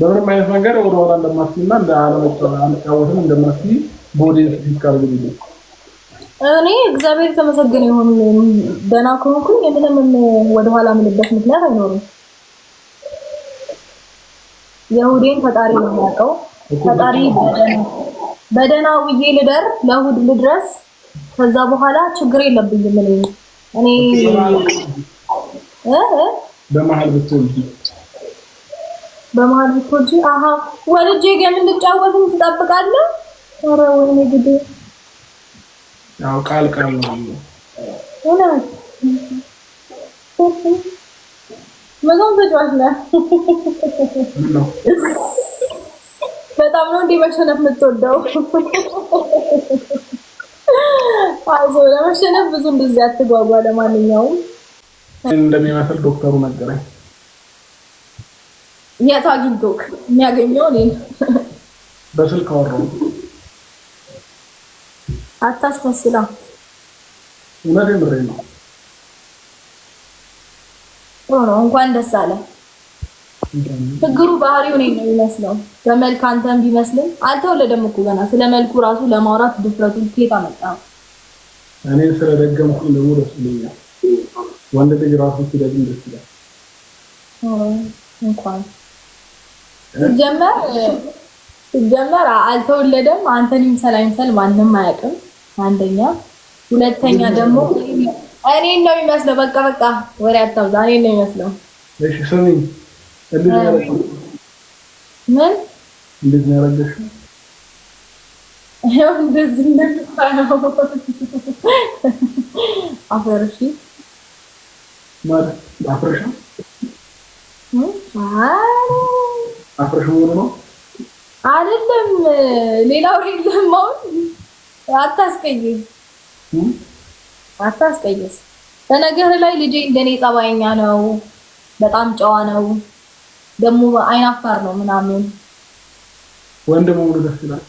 በምንም አይነት መንገድ ወደ ወደኋላ እንደማትይና አንጫወትም እንደማትይ በወደፊት ይካሉ እኔ እግዚአብሔር የተመሰገነ ይሁን። ደህና ከሆንኩኝ የምንም ወደኋላ ምንበት ምክንያት አይኖርም። የእሑዴን ፈጣሪ ነው የሚያውቀው። ፈጣሪ በደህና ውዬ ልደር ለእሑድ ልድረስ። ከዛ በኋላ ችግር የለብኝም። እኔ እኔ በመሀል ብትወልጂ በመሀል ብትወጂ አሀ ወልጄ ገምን እንድጫወትም ትጠብቃለህ። ኧረ ወይኔ ግዴ ያው ቃል ቃል ነው። መቶም ተጫዋች ነህ። በጣም ነው እንዲህ መሸነፍ የምትወደው። አይዞ ለመሸነፍ ብዙ እንደዚህ አትጓጓ። ለማንኛውም እንደሚመስል ዶክተሩ ነገረኝ። የት አግኝቶክ የሚያገኘው? እኔን በስልክ አወራሁ። አታስመስላ። እውነት ምሬ ነው። ጥሩ ነው። እንኳን ደስ አለ። ችግሩ ባህሪው እኔ ነው ይመስለው። በመልክ አንተን ቢመስልም አልተወለደም እኮ ገና። ስለ መልኩ ራሱ ለማውራት ድፍረቱን ኬት አመጣ? እኔ ስለደገምኩ ደግሞ ደስ ይለኛል። ወንድ ልጅ ራሱ ሲደግም ደስ ይላል። እንኳን ጀመር አልተወለደም። አንተን ይምሰል አይምሰል ማንም አያውቅም። አንደኛ፣ ሁለተኛ ደግሞ እኔን ነው የሚመስለው። በቃ በቃ ወሬ አታብዛ። እኔን ነው የሚመስለው። እሺ ስሚኝ፣ እንዴት ነው ምን እንዴት ነው እንደዚህ እንደምታየው አፈርሽ ማለት አፍረሽ መሆኑ ነው አይደለም? ሌላው የለም። አሁን አታስቀይም፣ አታስቀይስ። በነገር ላይ ልጄ እንደኔ ጸባይኛ ነው፣ በጣም ጨዋ ነው፣ ደግሞ አይናፋር ነው ምናምን ወንድ መሆኑ ደስ ይላል።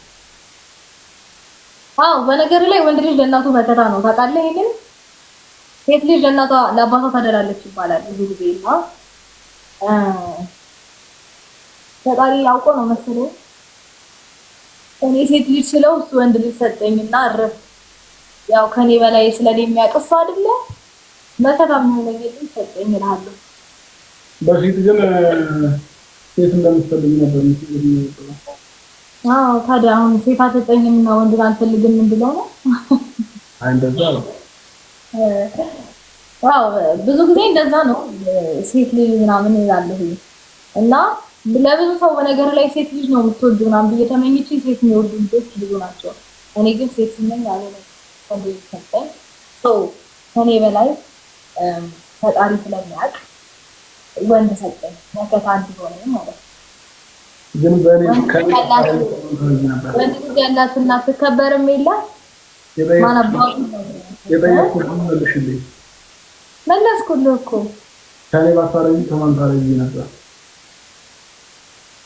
አዎ በነገር ላይ ወንድ ልጅ ለእናቱ መከታ ነው ታውቃለህ። ይሄንን ሴት ልጅ ለእናቷ ለአባቷ ታደላለች ይባላል ብዙ ጊዜ እና ፈጣሪ ያውቆ ነው መሰለኝ እኔ ሴት ልጅ ስለው እሱ ወንድ ልጅ ሰጠኝና አረፍ ያው ከኔ በላይ ስለኔ የሚያውቅ አይደለ መከታም ሆነኝ ሰጠኝ እልሃለሁ። በፊት ግን ሴት እንደምትፈልግ ነበር አዎ ታዲያ አሁን ሴት አትሰጠኝም እና ወንድ አልፈልግም እንድለው ነው። አይ እንደዛ ነው። አዎ ብዙ ጊዜ እንደዛ ነው ሴት ልጅ ምናምን ይላለሁ እና ለብዙ ሰው በነገር ላይ ሴት ልጅ ነው የምትወዱ ምናምን ብዬ ተመኝቼ ሴት የሚወዱ ልጆች ብዙ ናቸው። እኔ ግን ሴት ስመኝ ያለ ወንድ ሰጠኝ ሰው ከኔ በላይ ፈጣሪ ስለሚያውቅ ወንድ ሰጠኝ መከታ እንዲሆነ ማለት ወንድ ልጅ ያላትና ትከበርም የለ ማናባቱ መለስኩልህ እኮ ከኔ ባታረጊ ከማን ታረጊ ነበር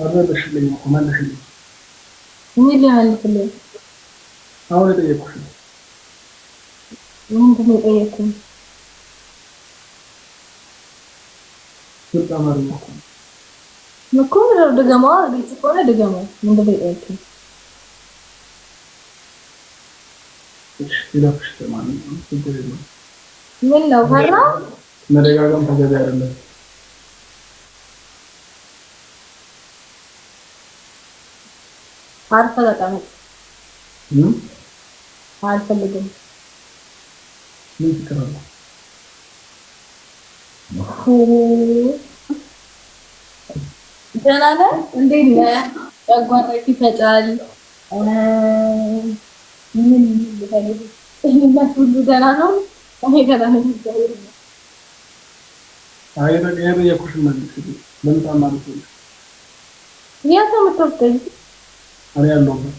ማመለሽልኝ እኮ መለሽልኝ። ምን ይልሃል ብለህ አሁን የጠየኩሽ ምንድን ነው የጠየኩኝ? ግልጽ አማርኛ እኮ ድገማ፣ ግልጽ ከሆነ ድገማ። ምንድን ነው የጠየኩኝ? ሌላ ምን ነው ፈራ መደጋገም ተገቢ አይደለም። ደህና ነህ? እንዴት ነህ? ጨጓራህ ይፈጫል። ምን ይነት ሁሉ ደህና ነው? ደህና ነኝ። የጠየኩሽን መልስ ለምጣ ማለት ነው። የት ነው የምትወስደኝ? እኔ ያለሁበት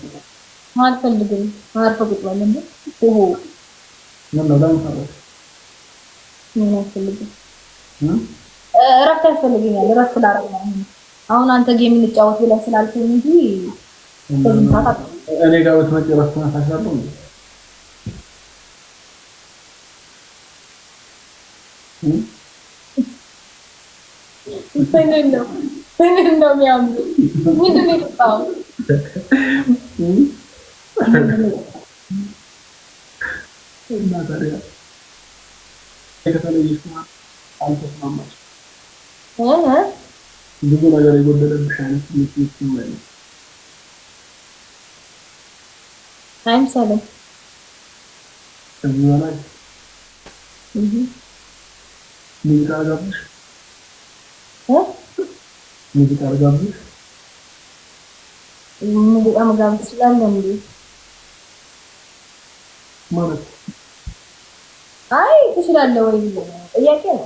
አልፈልግም። አርፈ ቁጭ በል እንዴ! ኦሆ ምን ነው ለምን ታረክ? ምን አልፈልግም። እረፍት ያስፈልገኛል። እረፍት ላደርግ ነው አሁን። አንተ ጌም እንጫወት ብለህ ስላልከኝ እንጂ እኔ ጋር ብትመጪ እረፍት መሳሻለሁ እንዴ? ምን ነው የሚያምሩ ምንድን ነው የጠጣው? እና ታዲያ ከተለየ ስራ አልተስማማች ብዙ ነገር የጎደለብሽ አይነት ስሜት ይሰማኝ አይምሰልም። ከዚህ በላይ ሙዚቃ ጋብሽ ሙዚቃ ጋብሽ ሙዚቃ መጋበዝ ትችላለህ እንዴ? ማለት አይ ትችላለህ ወይ ጥያቄ ነው።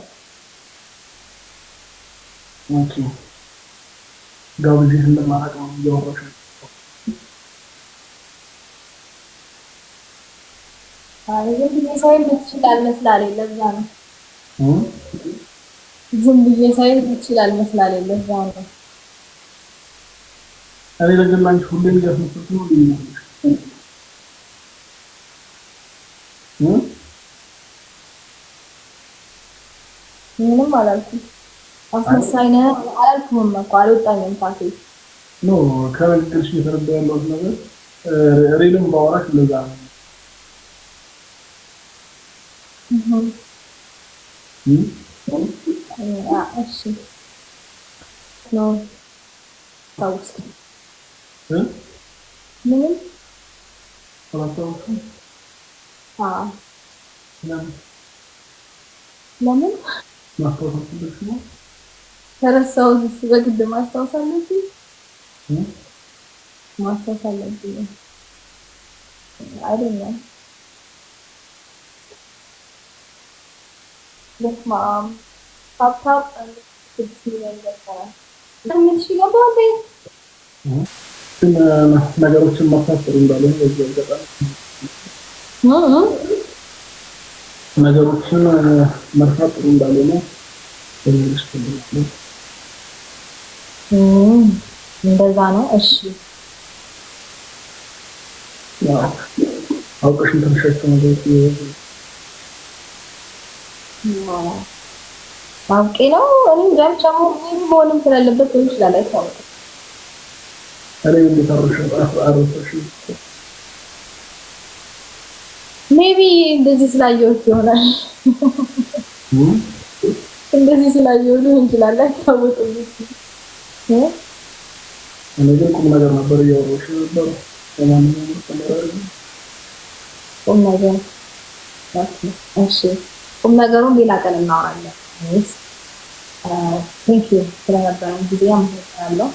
ኦኬ እንደማላውቅ ነው እያወራሽ ዝም ብዬ ሳይል ዝም ብዬ ሳይል ትችላለህ ስላለኝ ለዛ ነው። እኔ ለግላችሁ ሁሌም እያስመሰልኩ ነው እ ምንም አላልኩም። አስመሳይ አላልኩም እኮ አልወጣኝም። ፓኬ ኖ ከንግግርሽ የተረዳ ያለሁት ነገር ሬልም ባወራሽ ለዛ ነው ታውስ Hã? Não. Falar só o fim. Ah. Não. Não. Mas por que você não? Era só os estudos que deu mais só sabe aqui. Hum? não, só sabe aqui. I don't know. With mom. Pop, pop, and the kids, and the car. I'm going to go, baby. Mm-hmm. ነገሮችን ማሳሰር እንዳለ በዚህ ነገሮችን መርሳት እንዳለ ነው። እንደዛ ነው። እሺ አውቀሽ ተሸከመ ማውቄ ነው እኔ ጋር ጫሙ ሆንም ስላለበት ሊሆን ይችላል አይታወቅም። ሜቢ እንደዚህ ስላየሁት ይሆናል። እንደዚህ ስላየሁት ቁም ነገር ነበር ነበር። ቁም ነገር እሺ፣ ቁም ነገሩን ሌላ ቀን እናወራለን። ቴንክ ዩ ስለነበረን ጊዜ አመሰግናለሁ።